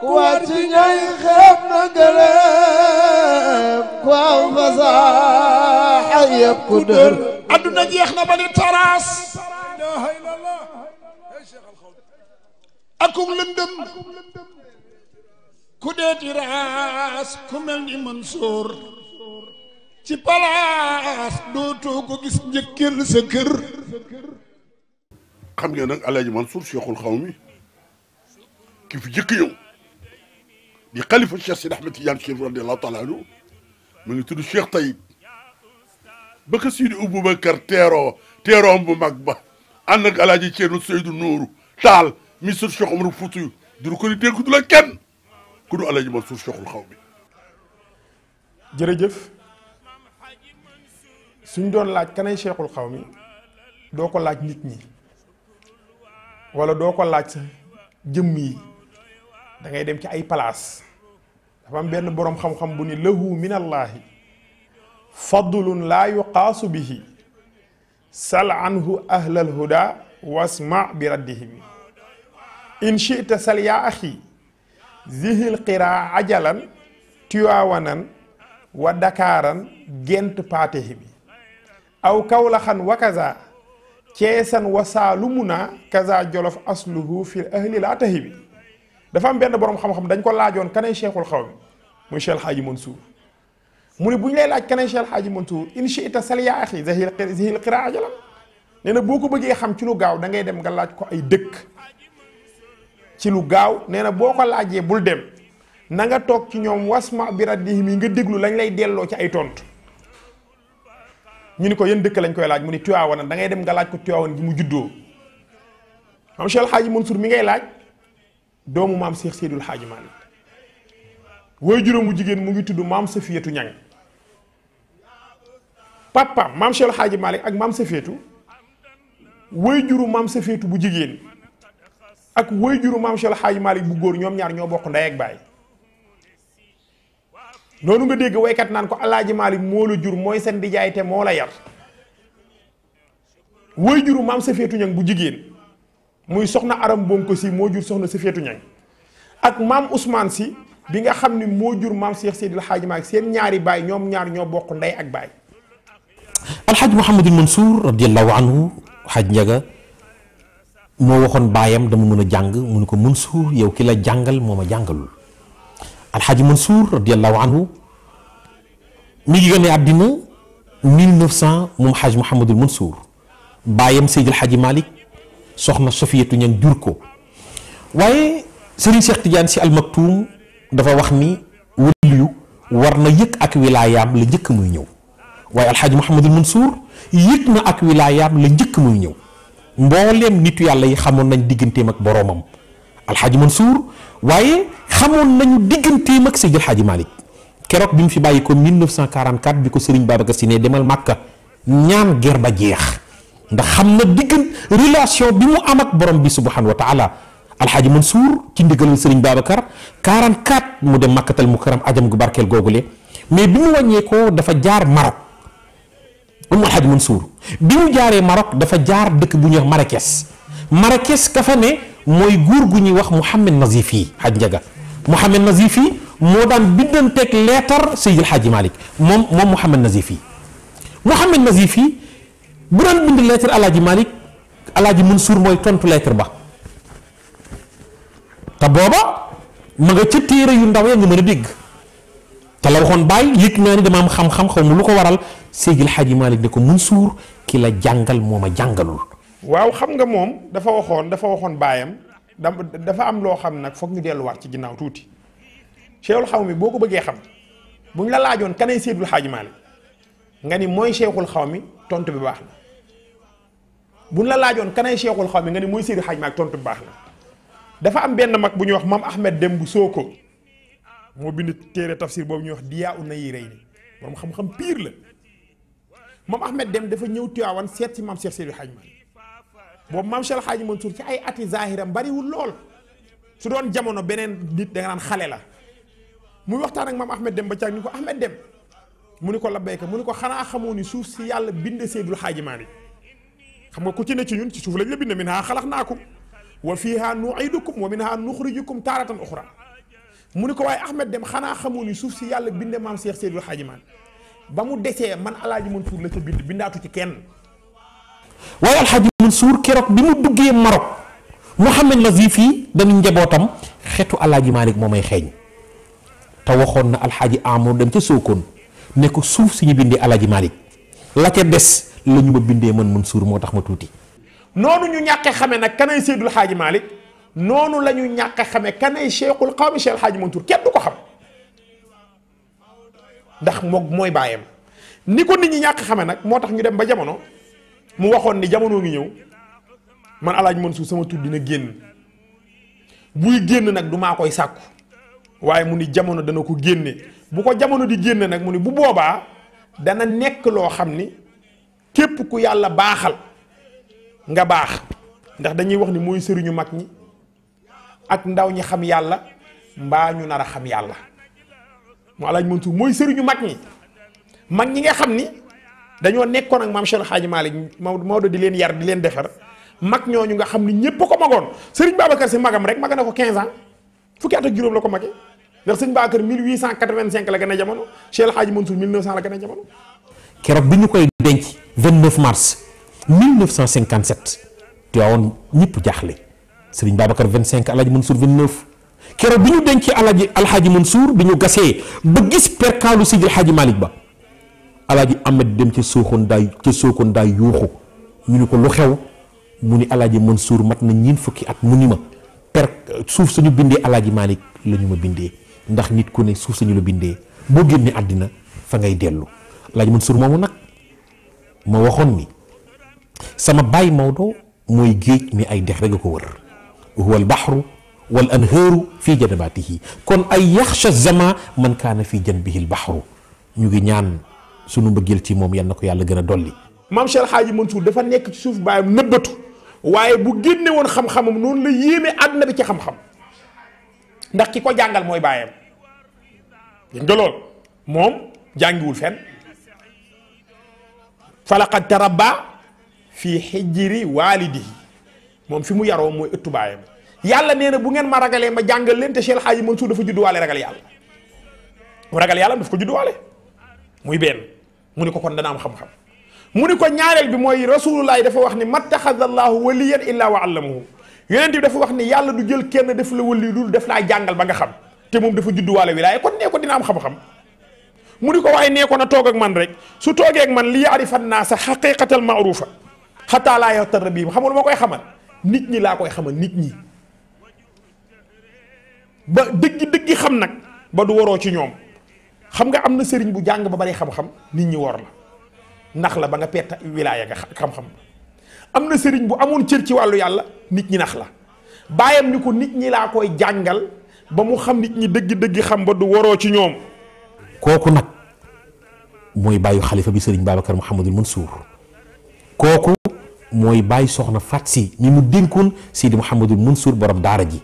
ku war ci ñooy xeeb na gërëm ku aw fasaaxa ku dër adduna jeex na ba di taraas akum lëndëm ku dee tiraas ku mel ni Mansour ci palaas dootoo ko gis njëkkël sa kër xam ngeen nag Alaaji Mansour Cheikhul di xalifa Cheikh Sidi Ahmed Tidiane Chérif radiyallahu taala anhu mu ngi tudd Cheikh Tayib ba ko Sidi Aboubacar teeroo teeroom bu mag ba ànd ak alaaji Ceerno Seydou Nourou Taal ministre Cheikh Omar Foutiyou du ko di dégg du la kenn ku du alaaji Mansour Cheikhul xaw bi jërëjëf suñ doon laaj keneen Cheikhul xaw mi doo ko laaj nit ñi wala doo ko laaj sa jëmm yi dangay dem ci ay palaas dafa am benn boroom xam-xam bu ni lahu min allaahi fadlun laa yuqaasu bihi sal anhu ahlal huda wasma bi raddihim in chita sal yaa axi zihil qiraa ajalan tiwaawanan wa dakaaran gent paatehi bi aw kawlaxan wa kaza ceesan wa saalumuna kaza jolof asluhu fi ahli laa tahi bi dafa am benn borom xam-xam dañ ko laajoon kanay cheikhul xaw mi muy Cheikh Xaaji Mansour mu ne bu ñu lay laaj kanay Cheikh Xaaji Mansour in shi'ta sal yaa axi zahil zahil na boo ko bëggee xam ci lu gaaw da ngay laaj ko ay dëkk lu gaaw nee na boo ko laajee bul dem na nga toog ci ñoom wasma bi raddihim yi nga déglu lañ lay delloo ci ay tontu ñu ni ko yéen dëkk lañ koy laaj mu ni Tiwaawan da ngay dem nga laaj ko Tiwaawan gi mu juddoo am Cheikh Xaaji mi ngay laaj. doomu maam Cheikh seydoul Hadji Malick way juróom bu jigéen mu ngi tudd maam Safiyatu Ñang papa maam Cheikh Hadji malik ak maam Safiyatu way juru maam Safiyatu bu jigéen ak way juru maam Cheikh Hadji malik bu góor ñoom ñaar ñoo bokk nday ak baay nonu nga dégg kat naan ko alaaji malik moo la jur mooy sen di jaay te moo la yar way juru maam Safiyatu Ñang bu jigéen muy soxna aram bonko si moo jur soxna Safiyatu Ñaŋ ak maam Ousmane si bi nga xam ne moo jur maam Cheikh Seydil Hadji Malick seen ñaari baay ñoom ñaari ñoo bokk ndey ak baay. alxaaj Mouhamadul Mansour radiyallahu anhu xaaj njaga moo waxoon baayam dama mën a jàng mu ne ko Mansour yow ki la jàngal moom a jàngalul alxaaj Mansour radiyallahu anhu mi ngi gane àddina 1900 moom xaaj Mouhamadul Mansour baayam Seydil Hadji Malick soxna Sofiyatu ñan jur ko waaye Serigne Cheikh Tidiane si almaktuum dafa wax ni waliyu war na yëg ak wilaayaam la njëkk muy ñëw waaye alxaaji Mouhamadul Mansour yëg na ak wilaayaam la njëkk muy ñëw mbooleem nitu yàlla yi xamoon nañ digganteem ak boroomam alxaaji Mansour waaye xamoon nañu digganteem ak Seydil Xaaji Malick keroog bi mu fi bàyyi ko 1944 bi ko Serigne Babacar Sy ne demal Màkka ñaan ger ba jeex ndax xam na diggan relation bi mu am ak borom bi subhanahu wa taala alxaaji Mansour ci ndigalal sëriñ Babacar 44 mu dem màkkatal mukaram ajam gu barkeel googule mais bi mu wàññeekoo dafa jaar Maroc umu alxaaji Mansour bi mu jaaree Maroc dafa jaar dëkk bu ñuy wax Marrakech Marrakech mooy góor gu ñuy wax Mouhamed Nazifi xaj njaga Mouhamed Nazifi moo daan bindanteeg leetar Seydil Xaaji Malick moom moom Mouhamed Nazifi Mouhamed Nazifi bu daan bind lettre alaaji Malick alaaji Mansour mooy tontu lettre ba te booba mu nga ca téere yu ndaw ya nga mën a dégg te la waxoon bàyyi yëg naa ni dama am xam-xam xaw ma lu ko waral Seydil Hadji Malick ne ko Mansour ki la jàngal moo ma jàngalul. waaw xam nga moom dafa waxoon dafa waxoon baayam dafa am loo xam nag foog ñu delluwaat ci ginnaaw tuuti Cheikhul xaw mi boo ko bëggee xam bu ñu la laajoon kanay Seydil Hadji Malick nga ni mooy Cheikhul xaw mi tontu bi baax buñ la laajoon kanay cheikhul xaw nga ni moy sidi hajj mak tontu baxna dafa am ben mak buñ wax mam Ahmed dembu Soko mo bind téré tafsir bobu ñu wax diya Diyaa An-Nayirayni mom xam-xam pire la mam Ahmed Dem dafa ñëw tiawan set ci mam Cheikh sidi hajj mak bo mam Cheikh hajj Mansour ci ay ati zahiram wu lol su doon jamono benen nit da nga nan xale la muy waxtaan ak mam Ahmed Dem ba ci ni ko Ahmed Dem mu ni ko labbayka mu ni ko xanaa xamoo suuf ci yàlla bind Seydul hajj Malick xam ku ci ne ci ñun ci suuf lañ la bind min haa xalaqnaakum wa fiha nuidukum wa minha nukhrijukum taratan ukhra mu ni ko waaye ahmed dem xanaa xamoo ni suuf si yàlla binde maam cheikh seydul xaaji maan ba mu desee man alaaji mansuur la ca bind bindaatu ci kenn waaye alxaaji mansuur keroog bi mu duggee marok mouhamad nazif dañu njabootam xetu alaaji malik moomay xeeñ te waxoon na alxaaji amour dem ca sookoon ne ko suuf si ñu bindee alaaji malik la ca des la ñu ma bindee man suur moo tax ma tuuti. noonu ñu ñàkk xame nag kanay Seydul Xaaji Malick noonu la ñu ñàkk xame kanay Cheikhul Xawmi Cheikh Xaaji Mansour kenn du ko xam ndax moom mooy bàyyam ni ko nit ñi ñàkk xame nag moo tax ñu dem ba jamono mu waxoon ni jamono ngi ñëw man alaaj Mansour sama tur dina génn buy génn nag du koy sàkku waaye mu ni jamono dana ko génne bu ko jamono di génne nag mu ni bu boobaa dana nekk loo xam ni képp ku yàlla baaxal nga baax ndax dañuy wax ni mooy sëriñu mag ñi ak ndaw ñi xam yàlla mbaa ñu nar a xam yàlla mu alaaj Mansuur mooy sëriñu mag ñi mag ñi nga xam ni dañoo nekkoon ak maam Cheikh Xaaji Maalik Maodo di leen yar di leen defar mag ñu nga xam ni ñépp ko magoon sëriñ Babacar si magam rek maga na ko 15 ans fukki at ak juróom la ko magee ndax sëriñ Babacar 1885 la gën a jamono Cheikh Xaaji Mansuur 1900 la gën a jamono keroog bi ñu koy denc 29 mars 1957 Tiwaawoon ñëpp jaaxle Serigne Babacar 25 Alaaji Mansour 29 keroog bi ñu dencee Alaaji Alxaaji Mansour bi ñu gasee ba gis perkaalu Sidi Alxaaji Malick Ba Alaaji Ahmed dem ca Sokone daay ca Sokone daay yuuxu ñu ni ko lu xew mu ni Mansour mat na ñeent fukki at mu ni ma per suuf suñu bindee Alaaji Malick la ñu ma bindee ndax nit ku ne suuf suñu la bindee boo génnee àddina fa ngay dellu Alaaji Mansour moomu nag. ma waxon ni sama bay mawdo moy géej mi ay dex rek ko wër huwa al-bahr wal anhar fi janabaatihi kon ay yakhsha zama man kana fi janbihi al-bahr ñu ngi ñaan sunu mbeugël ci mom yalla ko yàlla gëna a dolli. maam Cheikh Hadji Mansour dafa nekk ci suuf bayam nëbbatu waye bu génne won xam xam non la yéme adna bi ci xam-xam ndax kiko jàngal moy bayam ñu nga lool moom jàngiwul fenn. فلقد تربى في حجر والده موم فيمو يارو موي اتو بايام يالا نينا بو نين ما راغالي ما جانغال لين تا شيخ الحاج منصور دافا جودو والي راغال يالا راغال يالا دافكو جودو والي موي بن موني كو كون دا نام خم خم موني كو نياارل بي موي رسول الله دافا واخني ما اتخذ الله وليا الا وعلمه يونتي دافا واخني يالا دو جيل كين دافلا ولي دول دافلا جانغال باغا خم تي موم دافا جودو والي ولايه كون نيكو دينام خم خم mu ni ko waaye nee ko na toog ak man rek su toogee ak man li yaarifan naa sa xaqiqatal maarufa xataa laa yaxtarra bii xamul ma koy xamal nit ñi laa koy xamal nit ñi ba xam nag ba du waroo ci ñoom xam nga am na sëriñ bu jàng ba bari xam-xam nit ñi wor la nax la ba nga pett wilaaya nga xam-xam am na sëriñ bu amoon cër ci wàllu yàlla nit ñi nax la bàyyam ni ko nit ñi laa koy jàngal ba mu xam nit ñi dëgg-dëgg xam ba du waroo ci ñoom kooku nag mooy bàyyi xalifa bi sëriñ Babacar Mouhamadul Mansour kooku mooy bàyyi soxna Faat si mi mu dénkoon Seydi Mouhamadul Mansour borom daara ji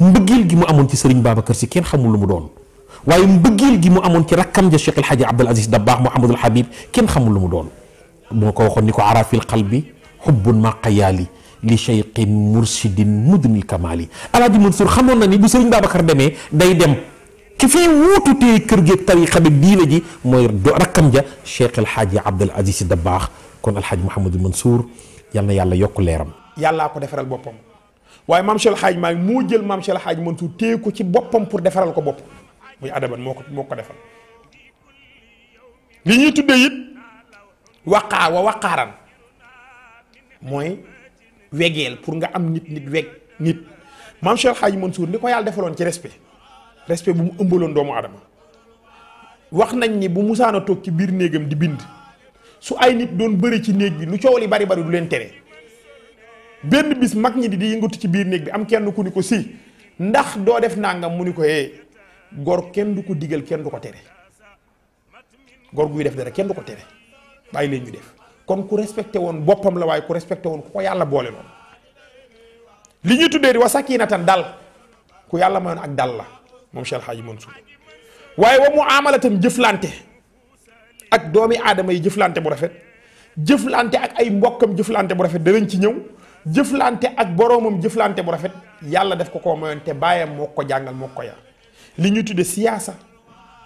mbëggeel gi mu amoon ci sëriñ Babacar si kenn xamul lu mu doon waaye mbëggeel gi mu amoon ci rakkam ja Cheikh El Hadji Abdoul Aziz Dabakh Mouhamadul Habib kenn xamul lu mu doon moo ko waxoon ni ko arafil qalbi xubbun maqayaali li cheyqin mursidin mudnil kamaali alaaji Mansour xamoon na ni bu sëriñ Babacar demee day dem ki fee wuutu tey kër gi tariqa bi diina ji mooy rakkam ja Cheikh El Hadji Abdoul Aziz Sy Dabakh kon El Hadji Mouhamadou Mansour yal na yàlla yokk leeram. yàllaa ko defaral boppam waaye maam Cheikh El Hadji maa moo jël maam Cheikh El Hadji Mansour téye ko ci boppam pour defaral ko bopp muy adaban moo ko moo ko defal li ñuy tuddee it waqaa wa waqaaran mooy wegeel pour nga am nit nit weg nit maam Cheikh El Hadji Mansour ko yàlla defaloon ci respe respect bu mu ëmbaloon doomu aadama wax nañ ni bu musaana toog ci biir néegam di bind su ay nit doon bëri ci néeg bi lu coow li bari bari du leen tere benn bis mag ñi di di yëngatu ci biir néeg bi am kenn ku ni ko si ndax doo def nangam mu ni ko hee eh, gor kenn du ko digal kenn du ko tere gor guy def dara kenn du ko tere bàyyi leen ñu def kon ku respecté woon boppam la waaye ku respecté woon ku ko yàlla boole loon li ñuy tuddee di wa sakinatan dal yàlla mayoon ak dal la moom Cheikh Alxaaji Mansour waaye wa mu tam jëflante ak doomi aadama yi jëflante bu rafet jëflante ak ay mbokkam jëflante bu rafet danañ ci ñëw jëflante ak boroomam jëflante bu rafet yàlla def ko koo mayoon te moo ko jàngal moo ko yar li ñu tudde siyaasa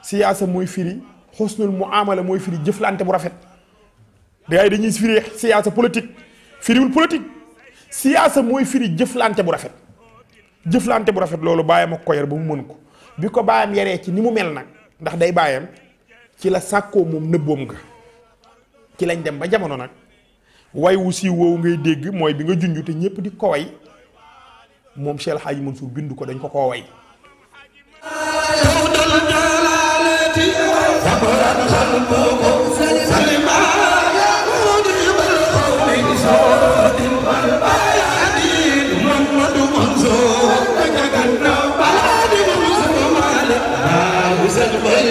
siyaasa mooy firi xusnul muamala mooy firi jëflante bu rafet gars yi dañuy firi siyaasa politique firiwul politique siyaasa mooy firi jëflante bu rafet jëflante bu rafet loolu bàyyam ak ko yar ba mu mën ko bi ko baayam yaree ci ni mu mel nag ndax day baayam ci la sàkkoo moom nëbboom nga ci lañ dem ba jamono nag waywu wu siiw woowu ngay dégg mooy bi nga junj te ñëpp di ko way moom Cheikh El Hadji Mansour bindu ko dañ ko koo way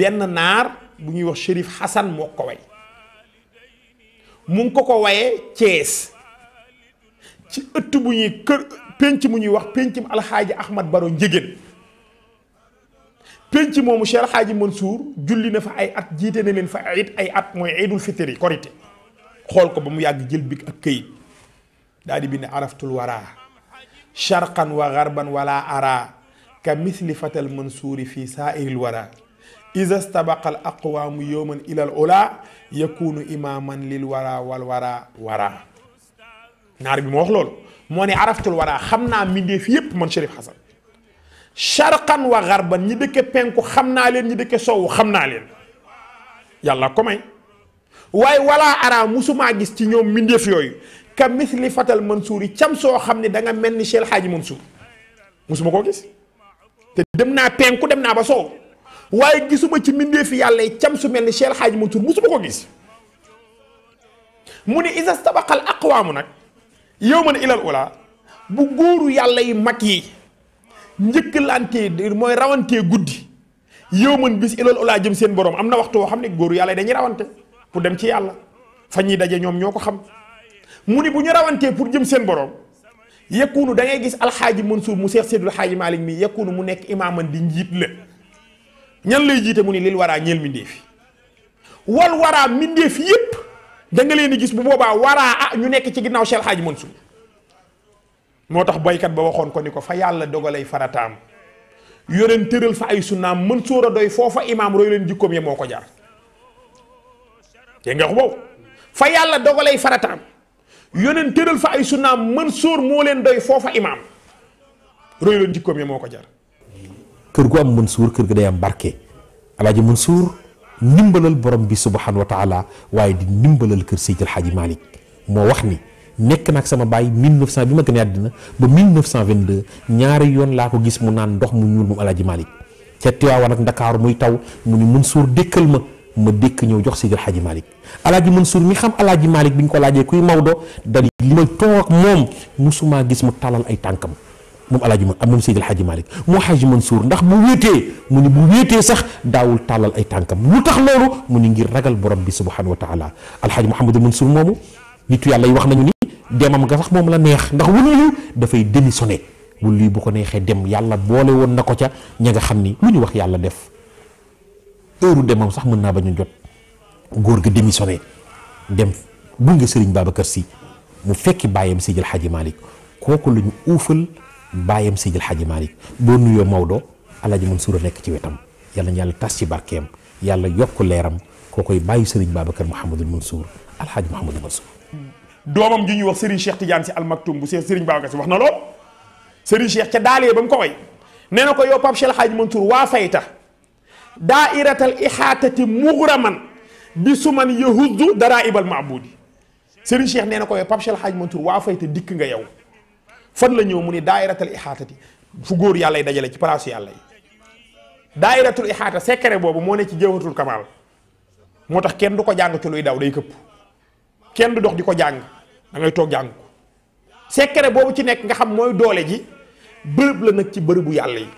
benn naar bu ñuy wax Chérif Hassan moo ko way mu ngi ko ko wayee Thiès ci ëtt bu ñuy kër penc mu ñuy wax pencum alxaaji Ahmad Baro Njëgéen penc moomu Cheikh Alxaaji Mansour julli na fa ay at jiite na leen fa it ay at mooy iidul fitri korité xool ko ba mu yàgg jël big ak këyit daal di bind araftul waraa sharqan wa garban wala ara ka misli fatal mansuuri fi saairil wara إذا استبق الأقوام يوما إلى الأولى يكون إماما للورى والورى وراء نار بي موخ موني عرفت الورى خمنا من دي من شريف حسن شرقا وغربا ني ديك بينكو خمنا لين ني ديك سو خمنا لين يلا كوماي واي ولا ارا مسوما غيس تي نيوم من دي يوي كمثل فتل منصوري تيام سو خمني داغا ملني شيل حاج منصور مسوما كو غيس te دمنا naa penku dem naa waaye gisuma ci mbindeefi yàlla yi cam su mel ni Cheikh Hadj Mansour musuma ko gis mu ne isa sabaqal nag yow man ilal ula bu góoru yàlla yi mag yi njëkkalante mooy rawantee guddi yow man bis ilal ula jëm seen borom am na waxtu woo xam ne góoru yàlla dañuy rawante pour dem ci yàlla fa ñuy daje ñoom ñoo ko xam mu ni bu ñu rawantee pour jëm seen borom yekkuunu da ngay gis alxaaji Mansour mu Seex Seydul Xaaji Maalik mi yekkuunu mu nekk imaaman di njiit la ñan lay jiite mu ni lil waraa ñeel mbindéef yi wal waraa mbindéef yépp da nga leen di gis bu boobaa waraa ah ñu nekk ci ginnaaw Cheikh Hadj Mansour moo tax boykat ba waxoon ko ni ko fa yàlla dogalay farataam yoreen tëral fa ay sunnaam Mansour a doy foofa imaam roy leen jikkoom moo ko jar dégg nga fa yàlla dogalay farataam yoneen tëral fa ay sunnaam Mansour moo leen doy foofa imaam roy leen jikkoom ya moo ko jar keur gu am Mansour keur ga day am barké aladi Mansour nimbalal borom bi subhanahu wa taala waye di nimbalal keur Seydil Hadji malik mo wax ni nek nak sama baay 1900 bima gëna adina ba 1922 ñaari yoon la ko gis mu naan ndox mu ñuul mu aladi malik ca Tiwaawan nak dakar muy taw mu ni Mansour dekkal ma ma dekk ñew jox Seydil Hadji malik aladi Mansour mi xam aladi malik biñ ko laaje kuy mawdo dal li ma tok mom musuma gis mu talal ay tankam moom alaaji ma moom Seydil Hadji Malick moo Hadji Mansour ndax bu wéetee mu ni bu wéetee sax daawul tàllal ay tànkam lu tax loolu mu ni ngir ragal borom bi subhanahu wa taala alhaaji Mouhamadou Mansour moomu nitu yàlla yi wax nañu ni demam nga sax moom la neex ndax waliyu dafay démissionné waliyu bu ko neexee dem yàlla boole woon na ko ca ña nga xam ni lu ñu wax yàlla def heure demam sax mën naa bañ jot góor ga démissionné dem gunge Serigne Babacar Sy mu fekki bàyyam Seydil Hadji Malick kooku la ñu uufal bayam Seydil Hadji malik bo nuyo mawdo Alaaji Mansuur a nekk ci wetam yàlla ñal tass ci barkem yàlla yok leeram kokoy bayu bàyyi Serigne Babacar Mouhamadul Mansour Alhaji mohammed Mansour. domam ju ñu wax Serigne Cheikh Tidiane al maktoum bu Serigne babakar si wax na lool Serigne Cheikh ci dalé bam ko way nee ko Cheikh Alhaji Mansour wa fayta daairatal ixaatati mugraman bi suman yahuddu daraibal maabudi Serigne Cheikh nee na ko yow Pape Cheikh Alhaji Mansour fayta nga yow. fan la ñëw mu ni daayiratul ixaatati fu góor yàlla yi dajale ci palaasu yàlla yi daayiratul ixaata secret boobu moo ne ci jëwatul kamaal moo tax kenn du ko jàng ci luy daw day këpp kenn du dox di ko jàng da toog jàng ko secret boobu ci nekk nga xam mooy doole ji bërëb la nag ci bërëbu yàlla yi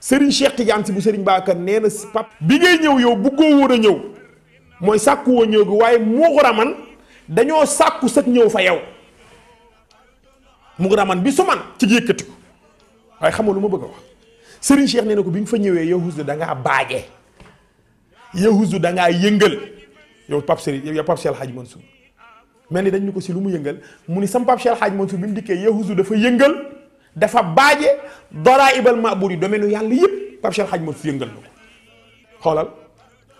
sëriñ Cheikh Tidiane si bu sëriñ Baakar nee na si pap bi ngay ñëw yow bëggoo woon a ñëw mooy sàkku woo ñëw gi waaye moo ko raman dañoo sàkku sëg ñëw fa yow mu ngi man bi su man ci yëkkati ko waaye xam nga lu ma bëgg a wax Serigne Cheikh nee na ko bi nga fa ñëwee yow Ousseynou da ngaa baaje yow Ousseynou da ngaa yëngal yow Pape Serigne yow Pape Cheikh Hadj Mansour mel ni dañ ñu ko si lu mu yëngal mu ni sam Pape Cheikh Hadj Mansour bi mu dikkee yow dafa yëngal dafa baaje doraa ibal maabuur yi domaine yàlla yëpp Pape Cheikh Hadj Mansour yëngal na ko xoolal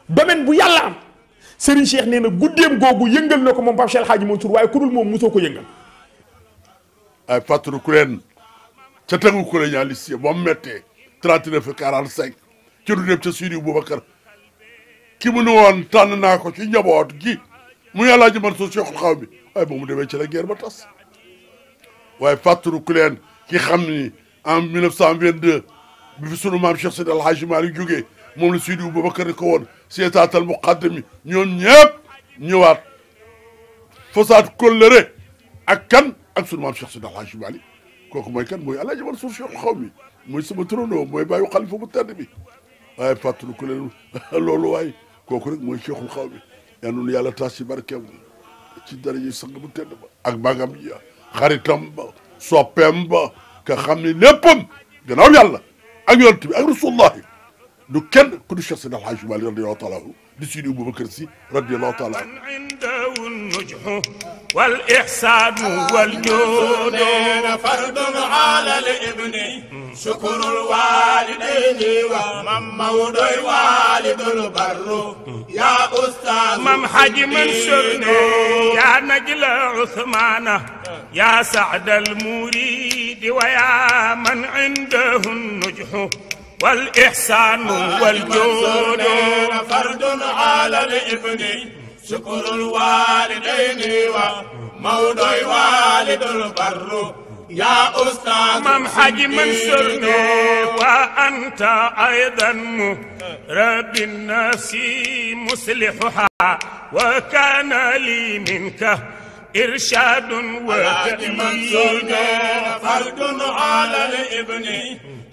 domaine bu yàlla am Serigne Cheikh nee na guddeem googu yëngal na ko moom Pape Cheikh Hadj Mansour waaye ku dul moom mosoo ko yëngal. ay fàttaliku leen ca tegu colonialiste yi ba mu méttee 39 45 ci du dem ca Sidi boubakar ki mu ne won tan na ko ci njabot gi mu yalla ji man so cheikhul xaw bi waaye ba mu dewe ci la guerre ba tas waaye fàttaliku leen ki xamni en 1922 bi fi sunu mam Cheikh sidal El mari jugge mom la Sidi boubakar ko won seetaatal muqaddam yi ñoon ñëpp ñewat fossat kolere ak kan ak sunu maam Cheikh Seydi El Hadji Malick kooku mooy kan mooy Alaaji Mansuur Cheikh xaw mi mooy sama turandoo mooy bàyyu xalifa bu tedd bi waaye fàttali ku leen loolu waaye kooku rek mooy Cheikhul xaw mi yal na nu yàlla taas ci barkeem ci dara yi sang bu tedd ba ak magam ya xaritam ba soppeem ba ka xam ne léppam gannaaw yàlla ak yonent bi ak rasulullahi du kenn ku du Cheikh Seydi El Hadji Malick radiyallahu taala anhu di Seydi Aboubacar Sy radiyallahu taala anhu والإحسان والجود فرد على الابن شكر الوالدين ومن مولد الوالد البر يا أستاذ مم حجم يا نجل عثمان يا سعد المريد ويا من عنده النجح والإحسان والجود فرد على الابن شكر الوالدين وموضوع والد البر يا أستاذ مام حاج منصور وأنت أيضا رب الناس مصلحها وكان لي منك إرشاد وحاج منصور فرد على الابن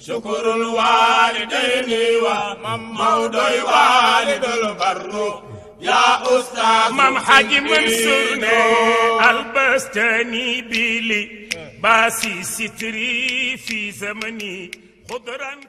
شكر الوالدين وموضوع والد البر yaa ustaas maam Xaaji Mansuur ne albastani bili baasi sitri fi zamani xudran